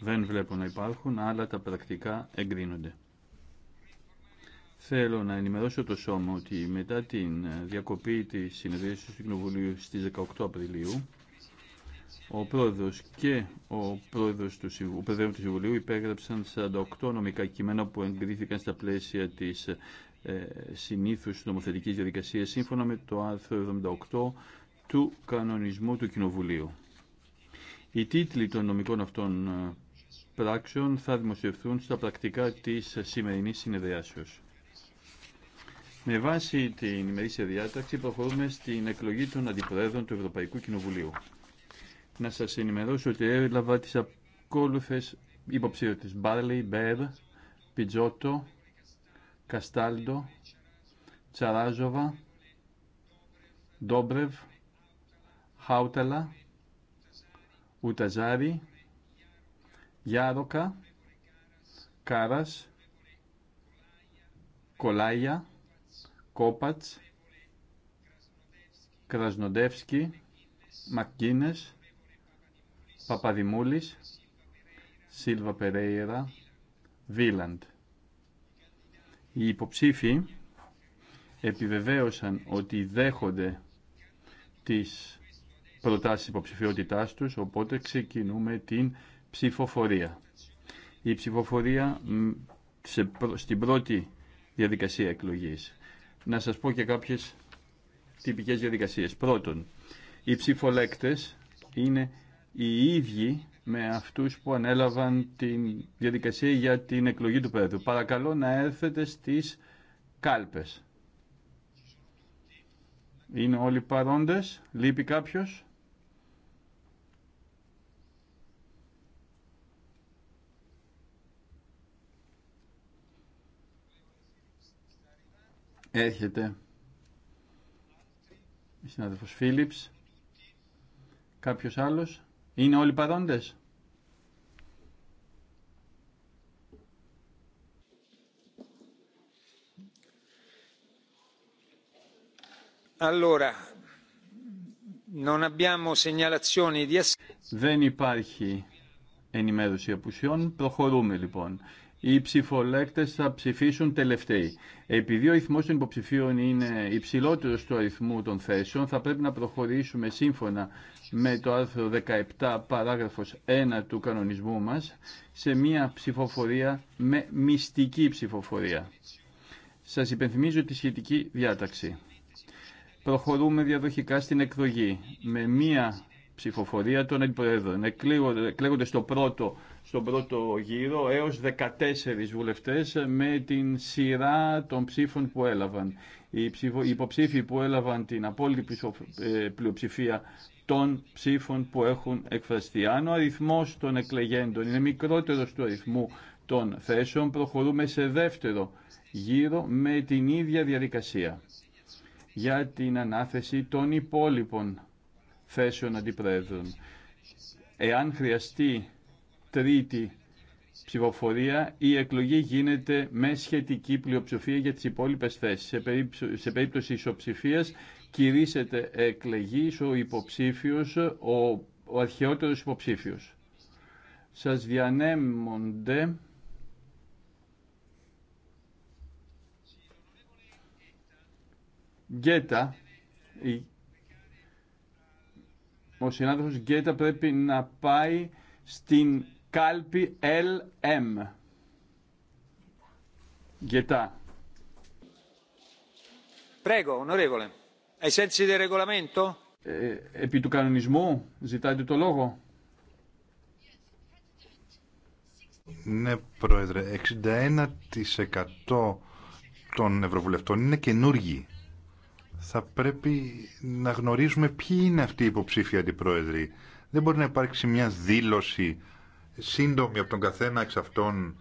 Δεν βλέπω να υπάρχουν, αλλά τα πρακτικά εγκρίνονται. Θέλω να ενημερώσω το Σώμα ότι μετά την ε, διακοπή της συνεδρίασης του Κοινοβουλίου στις 18 Απριλίου, ο Πρόεδρος και ο Πρόεδρος του, ο του Συμβουλίου υπέγραψαν 48 νομικά κείμενα που εγκρίθηκαν στα πλαίσια της ε, συνήθους νομοθετικής διαδικασίας σύμφωνα με το άρθρο 78 του κανονισμού του Κοινοβουλίου. Οι τίτλοι των νομικών αυτών ε, πράξεων θα δημοσιευθούν στα πρακτικά της σημερινής συνεδριάσεως. Με βάση την ημερήσια διάταξη προχωρούμε στην εκλογή των αντιπροέδρων του Ευρωπαϊκού Κοινοβουλίου. Να σας ενημερώσω ότι έλαβα τις ακόλουθες υποψήφιες Μπάρλι, Μπέρ, Πιτζότο, Καστάλντο, Τσαράζοβα, Ντόμπρεβ, Χάουταλα, Ουταζάρη, Γιάδοκα, Κάρας, κολάγια Κόπατς, Κρασνοντεύσκη, Μακκίνες, Παπαδημούλης, Σίλβα Περέιρα, Βίλαντ. Οι υποψήφοι επιβεβαίωσαν ότι δέχονται τις προτάσεις υποψηφιότητά τους, οπότε ξεκινούμε την ψηφοφορία. Η ψηφοφορία σε, στην πρώτη διαδικασία εκλογής. Να σας πω και κάποιες τυπικές διαδικασίες. Πρώτον, οι ψηφολέκτες είναι οι ίδιοι με αυτούς που ανέλαβαν τη διαδικασία για την εκλογή του Πρόεδρου. Παρακαλώ να έρθετε στις κάλπες. Είναι όλοι παρόντες. Λείπει κάποιος. Έρχεται η συνάδελφος Φίλιπς. Κάποιος άλλος. Είναι όλοι παρόντες. Allora, Δεν υπάρχει ενημέρωση απουσιών. Προχωρούμε λοιπόν οι ψηφολέκτες θα ψηφίσουν τελευταίοι. Επειδή ο αριθμό των υποψηφίων είναι υψηλότερο του αριθμού των θέσεων, θα πρέπει να προχωρήσουμε σύμφωνα με το άρθρο 17 παράγραφος 1 του κανονισμού μας σε μια ψηφοφορία με μυστική ψηφοφορία. Σας υπενθυμίζω τη σχετική διάταξη. Προχωρούμε διαδοχικά στην εκδογή με μία ψηφοφορία των αντιπροέδρων. Εκλέγονται στο πρώτο στον πρώτο γύρο έως 14 βουλευτές με την σειρά των ψήφων που έλαβαν. Οι υποψήφοι που έλαβαν την απόλυτη ε, πλειοψηφία των ψήφων που έχουν εκφραστεί. Αν ο αριθμός των εκλεγέντων είναι μικρότερος του αριθμού των θέσεων, προχωρούμε σε δεύτερο γύρο με την ίδια διαδικασία για την ανάθεση των υπόλοιπων θέσεων αντιπρέδρων. Εάν χρειαστεί τρίτη ψηφοφορία η εκλογή γίνεται με σχετική πλειοψηφία για τις υπόλοιπες θέσεις. Σε, περίπτωση, σε περίπτωση ισοψηφίας κηρύσσεται εκλεγής ο υποψήφιος, ο, ο αρχαιότερος υποψήφιος. Σας διανέμονται... Γκέτα, ο συνάδελφος Γκέτα πρέπει να πάει στην κάλπη LM. Γετά. Πρέγω, Εσέντσι δε ρεγολαμέντο. Ε, επί του κανονισμού ζητάτε το λόγο. Ναι, Πρόεδρε, 61% των Ευρωβουλευτών είναι καινούργοι. Θα πρέπει να γνωρίζουμε ποιοι είναι αυτοί οι υποψήφοι αντιπρόεδροι. Δεν μπορεί να υπάρξει μια δήλωση σύντομη από τον καθένα εξ αυτών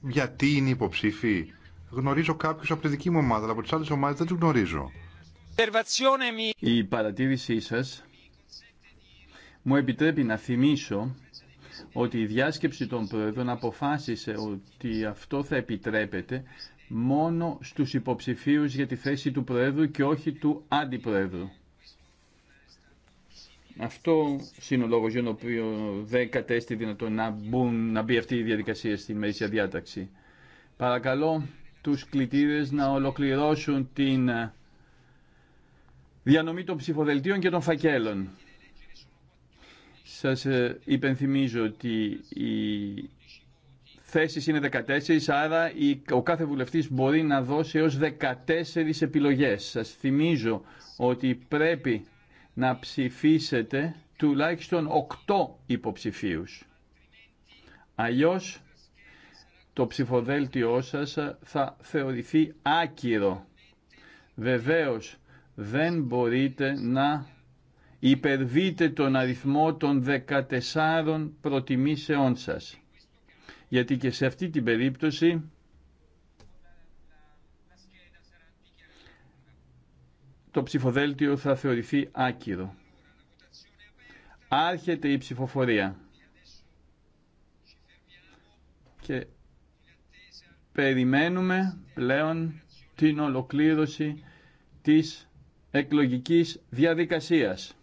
γιατί είναι υποψήφιοι. Γνωρίζω κάποιους από τη δική μου ομάδα, αλλά από τι άλλε ομάδε δεν του γνωρίζω. Η παρατήρησή σα, μου επιτρέπει να θυμίσω ότι η διάσκεψη των πρόεδρων αποφάσισε ότι αυτό θα επιτρέπεται μόνο στους υποψηφίους για τη θέση του Προέδρου και όχι του Αντιπροέδρου. Αυτό είναι ο λόγο για τον οποίο δεν κατέστη δυνατόν να, μπουν, να μπει αυτή η διαδικασία στην μερίσια διάταξη. Παρακαλώ τους κλητήρε να ολοκληρώσουν την ε, διανομή των ψηφοδελτίων και των φακέλων. Σας ε, υπενθυμίζω ότι οι θέσεις είναι 14, άρα ο κάθε βουλευτής μπορεί να δώσει έως 14 επιλογές. Σας θυμίζω ότι πρέπει να ψηφίσετε τουλάχιστον 8 υποψηφίους. Αλλιώς το ψηφοδέλτιό σας θα θεωρηθεί άκυρο. Βεβαίως δεν μπορείτε να υπερβείτε τον αριθμό των 14 προτιμήσεών σας. Γιατί και σε αυτή την περίπτωση το ψηφοδέλτιο θα θεωρηθεί άκυρο. Άρχεται η ψηφοφορία. Και περιμένουμε πλέον την ολοκλήρωση της εκλογικής διαδικασίας.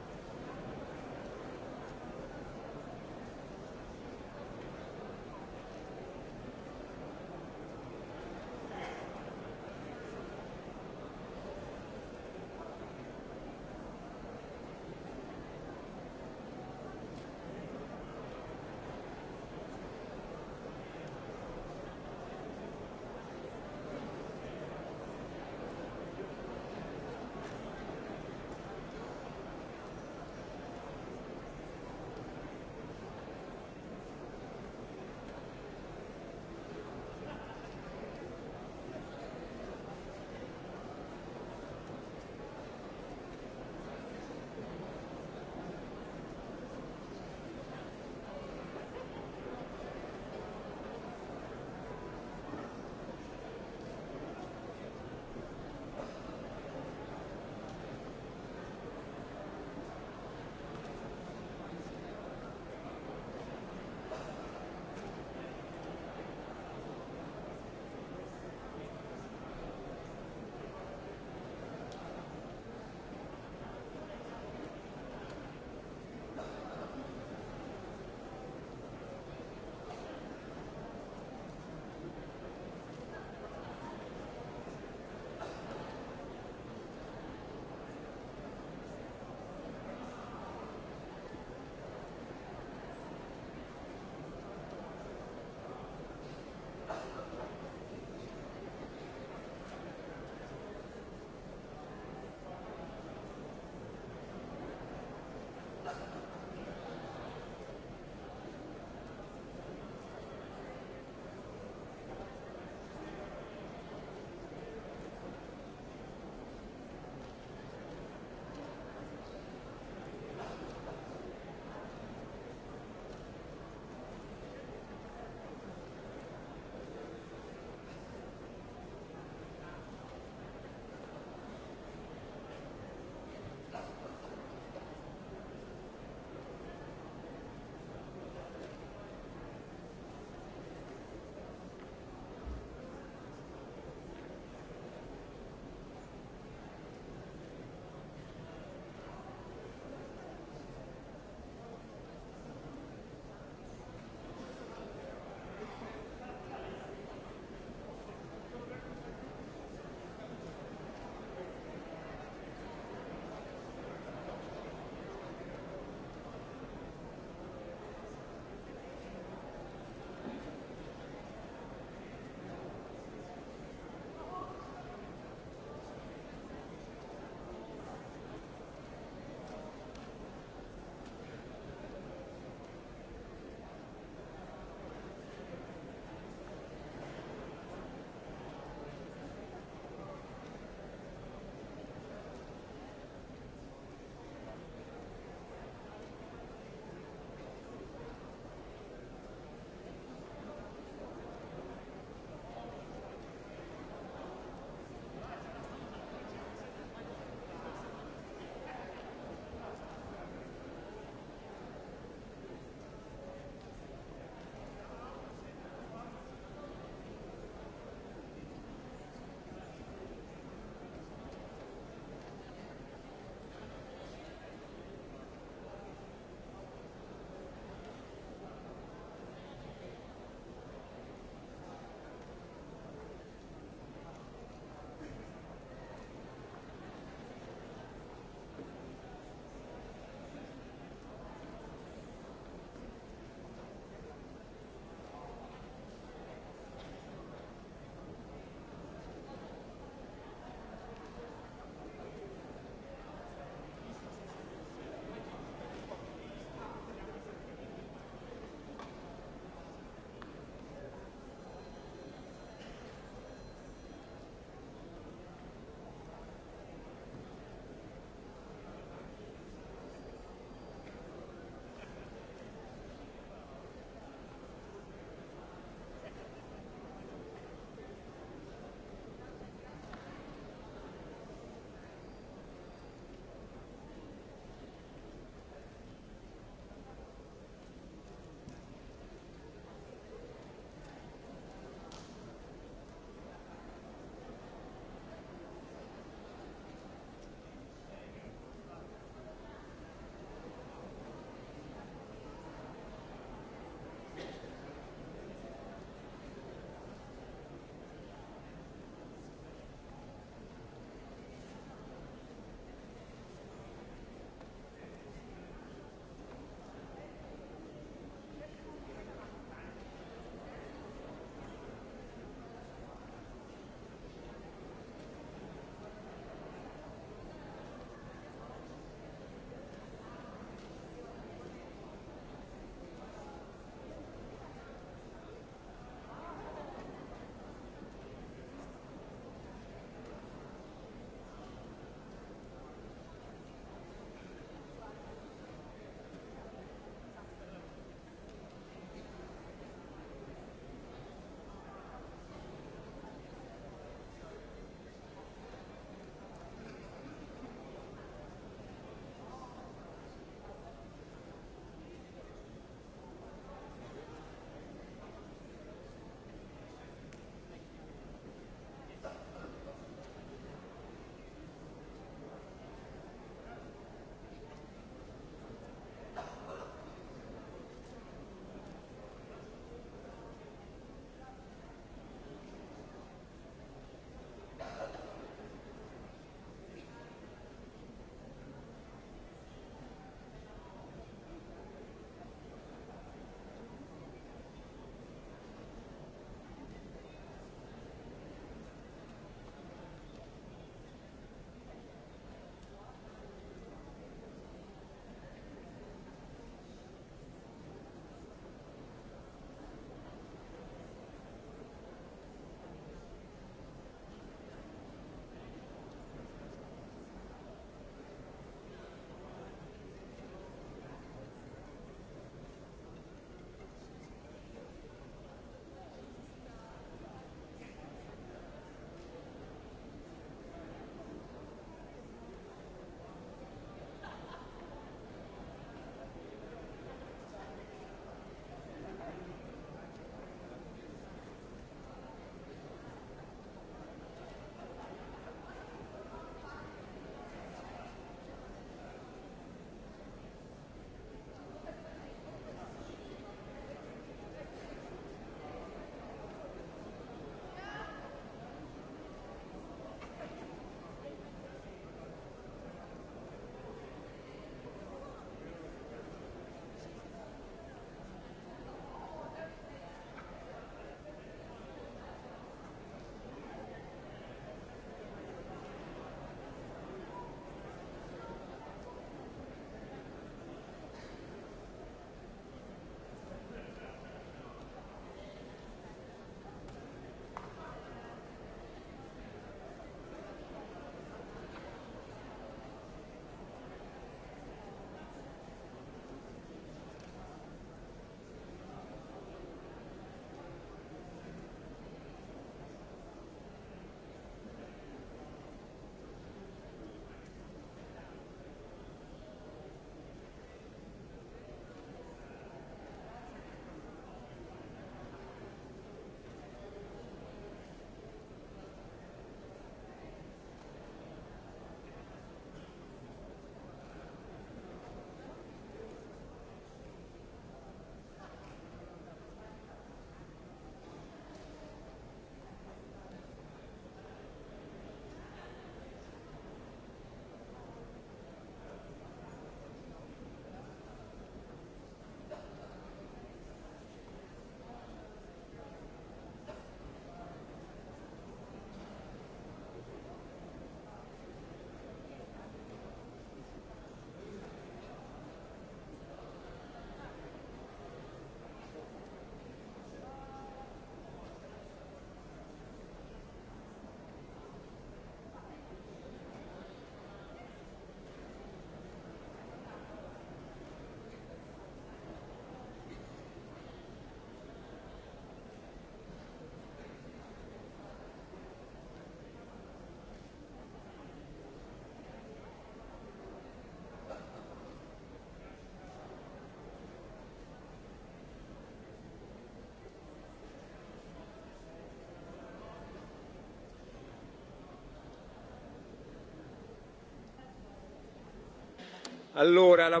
Allora, la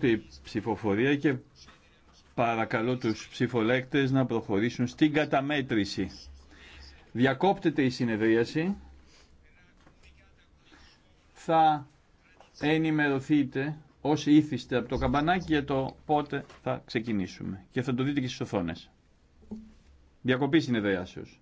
η ψηφοφορία και παρακαλώ τους ψηφολέκτες να προχωρήσουν στην καταμέτρηση. Διακόπτεται η συνεδρίαση. Θα ενημερωθείτε όσοι ήθιστε από το καμπανάκι για το πότε θα ξεκινήσουμε. Και θα το δείτε και στις οθόνες. Διακοπή συνεδριάσεως.